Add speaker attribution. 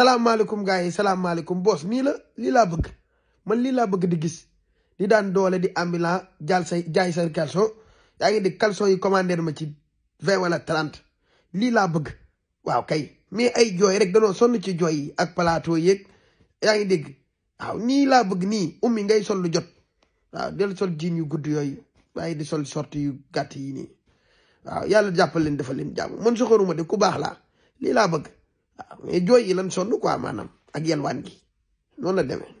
Speaker 1: salaamaaleykum gars yi salaamaaleykum boos nii la lii laa bëgg man lii laa bëgg di gis di daan doole di ambulant jaal say jaay say calçon yaa ngi di calçon yi commander ma ci vingt wala trente lii laa bëgg waaw kay mais ay jooy rek danoo sonn ci jooy yi ak plateau yeeg yaa ngi dégg nii laa bëgg nii ummi ngay sol lu jot waaw del sol jiin yu gudd yooyu waaye di sol sorti yu gàtt yi nii waaw yàlla jàppal leen dafa leen jàmm man soxoruma de ku baax laa lii laa bëgg waaw mais jooy yi lan sonn ko maanaam ak yelwaan gi noonu la demee